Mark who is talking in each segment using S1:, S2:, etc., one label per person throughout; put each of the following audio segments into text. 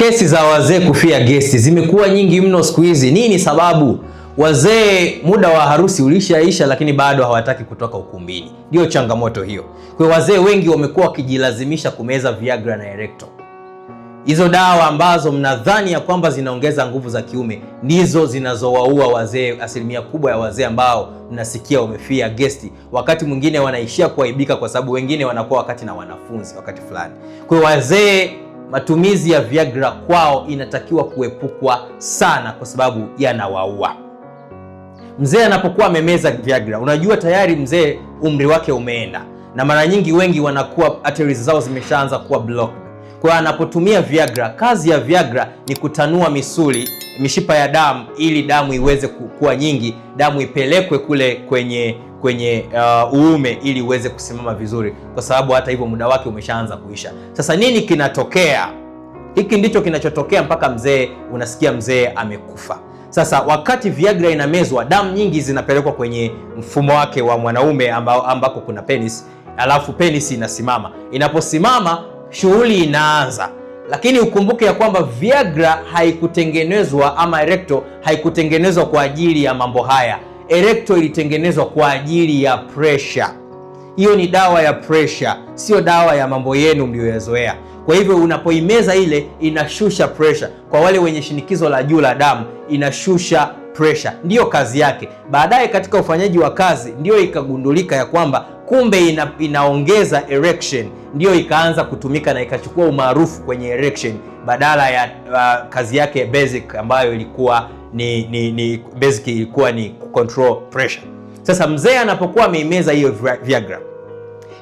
S1: Kesi za wazee kufia gesi zimekuwa nyingi mno siku hizi. Nini sababu? Wazee muda wa harusi ulishaisha, lakini bado hawataki kutoka ukumbini. Ndiyo changamoto hiyo. Kwa wazee wengi wamekuwa wakijilazimisha kumeza Viagra na Erecto, hizo dawa ambazo mnadhani ya kwamba zinaongeza nguvu za kiume, ndizo zinazowaua wazee. Asilimia kubwa ya wazee ambao mnasikia wamefia gesti, wakati mwingine wanaishia kuaibika, kwa sababu wengine wanakuwa wakati na wanafunzi wakati fulani. Kwa wazee matumizi ya Viagra kwao inatakiwa kuepukwa sana, kwa sababu yanawaua. Mzee anapokuwa amemeza Viagra, unajua tayari mzee umri wake umeenda, na mara nyingi wengi wanakuwa arteries zao zimeshaanza kuwa blocked. Kwa anapotumia Viagra, kazi ya Viagra ni kutanua misuli, mishipa ya damu ili damu iweze kuwa nyingi, damu ipelekwe kule kwenye kwenye uh, uume ili uweze kusimama vizuri, kwa sababu hata hivyo muda wake umeshaanza kuisha. Sasa nini kinatokea? Hiki ndicho kinachotokea mpaka mzee, unasikia mzee amekufa. Sasa wakati Viagra inamezwa, damu nyingi zinapelekwa kwenye mfumo wake wa mwanaume ambao ambako kuna penis, alafu penis inasimama. Inaposimama shughuli inaanza. Lakini ukumbuke ya kwamba Viagra haikutengenezwa ama erecto haikutengenezwa kwa ajili ya mambo haya. Erecto ilitengenezwa kwa ajili ya pressure. Hiyo ni dawa ya pressure, sio dawa ya mambo yenu mliyoyazoea. Kwa hivyo unapoimeza ile inashusha pressure. Kwa wale wenye shinikizo la juu la damu inashusha pressure, ndiyo kazi yake. Baadaye katika ufanyaji wa kazi ndiyo ikagundulika ya kwamba kumbe ina, inaongeza erection, ndiyo ikaanza kutumika na ikachukua umaarufu kwenye erection badala ya uh, kazi yake basic ambayo ilikuwa ni, ni, ni basic ilikuwa ni control pressure. Sasa mzee anapokuwa ameimeza hiyo Viagra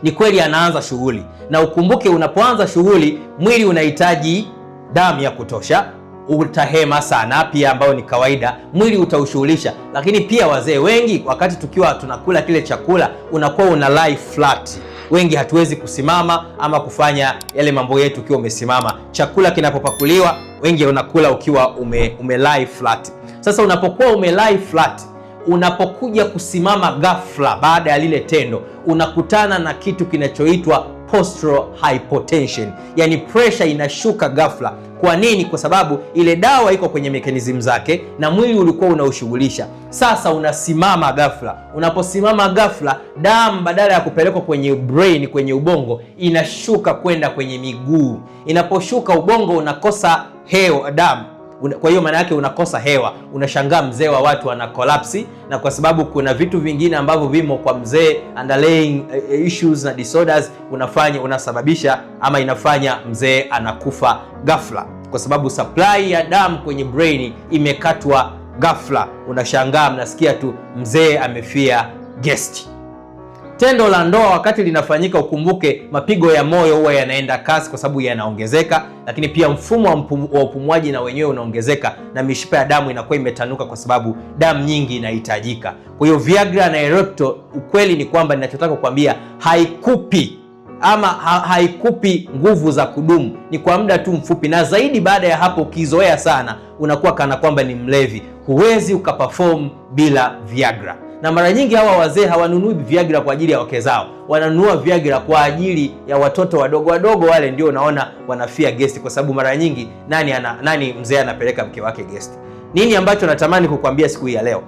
S1: ni kweli anaanza shughuli, na ukumbuke unapoanza shughuli mwili unahitaji damu ya kutosha utahema sana, pia ambayo ni kawaida, mwili utaushughulisha. Lakini pia wazee wengi, wakati tukiwa tunakula kile chakula, unakuwa unalai flat. Wengi hatuwezi kusimama ama kufanya yale mambo yetu ukiwa umesimama. Chakula kinapopakuliwa, wengi unakula ukiwa ume, umelai flat. Sasa unapokuwa umelai flat unapokuja kusimama ghafla baada ya lile tendo unakutana na kitu kinachoitwa postural hypotension, yani pressure inashuka ghafla. Kwa nini? Kwa sababu ile dawa iko kwenye mekanizimu zake na mwili ulikuwa unaushughulisha. Sasa unasimama ghafla. Unaposimama ghafla, damu badala ya kupelekwa kwenye brain, kwenye ubongo, inashuka kwenda kwenye miguu. Inaposhuka, ubongo unakosa hewa, damu una, kwa hiyo maana yake unakosa hewa, unashangaa mzee wa watu ana kolapsi, na kwa sababu kuna vitu vingine ambavyo vimo kwa mzee, underlying eh, issues na disorders, unafanya unasababisha ama inafanya mzee anakufa ghafla, kwa sababu supply ya damu kwenye brain imekatwa ghafla. Unashangaa mnasikia tu mzee amefia gesti. Tendo la ndoa wakati linafanyika, ukumbuke mapigo ya moyo huwa yanaenda kasi kwa sababu yanaongezeka, lakini pia mfumo wa upumuaji na wenyewe unaongezeka, na mishipa ya damu inakuwa imetanuka kwa sababu damu nyingi inahitajika. Kwa hiyo Viagra na Erecto, ukweli ni kwamba ninachotaka kukwambia, haikupi ama ha haikupi nguvu za kudumu, ni kwa muda tu mfupi, na zaidi baada ya hapo, ukizoea sana unakuwa kana kwamba ni mlevi, huwezi ukaperform bila Viagra na mara nyingi hawa wazee hawanunui Viagra kwa ajili ya wake zao, wananunua Viagra kwa ajili ya watoto wadogo wadogo. Wale ndio unaona wanafia gesti, kwa sababu mara nyingi nani, ana, nani mzee anapeleka mke wake gesti? Nini ambacho natamani kukwambia siku hii ya leo,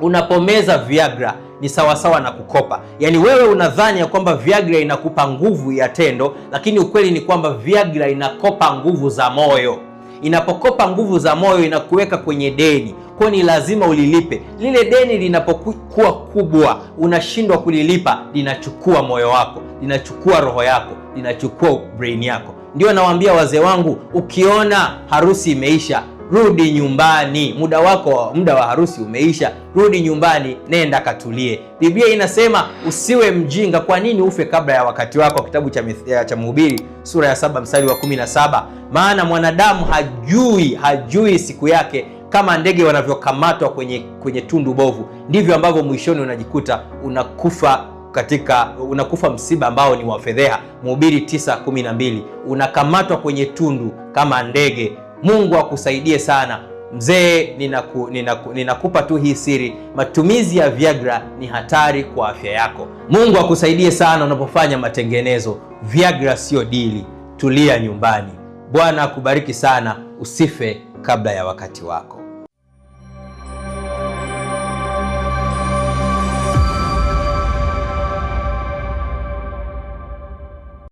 S1: unapomeza Viagra ni sawasawa na kukopa. Yaani wewe unadhani ya kwamba Viagra inakupa nguvu ya tendo, lakini ukweli ni kwamba Viagra inakopa nguvu za moyo. Inapokopa nguvu za moyo, inakuweka kwenye deni kwa ni lazima ulilipe. Lile deni linapokuwa kubwa, unashindwa kulilipa, linachukua moyo wako, linachukua roho yako, linachukua brain yako. Ndio nawaambia wazee wangu, ukiona harusi imeisha, rudi nyumbani. Muda wako, muda wa harusi umeisha, rudi nyumbani, nenda katulie. Biblia inasema usiwe mjinga. Kwa nini ufe kabla ya wakati wako? Kitabu cha, eh, cha Mhubiri sura ya saba mstari wa 17, maana mwanadamu hajui hajui siku yake kama ndege wanavyokamatwa kwenye, kwenye tundu bovu, ndivyo ambavyo mwishoni unajikuta unakufa katika unakufa msiba ambao ni wa fedheha. Mhubiri 9:12 unakamatwa kwenye tundu kama ndege. Mungu akusaidie sana mzee, ninaku, ninaku, ninakupa tu hii siri, matumizi ya Viagra ni hatari kwa afya yako. Mungu akusaidie sana unapofanya matengenezo. Viagra sio dili, tulia nyumbani. Bwana akubariki sana, usife kabla ya wakati wako.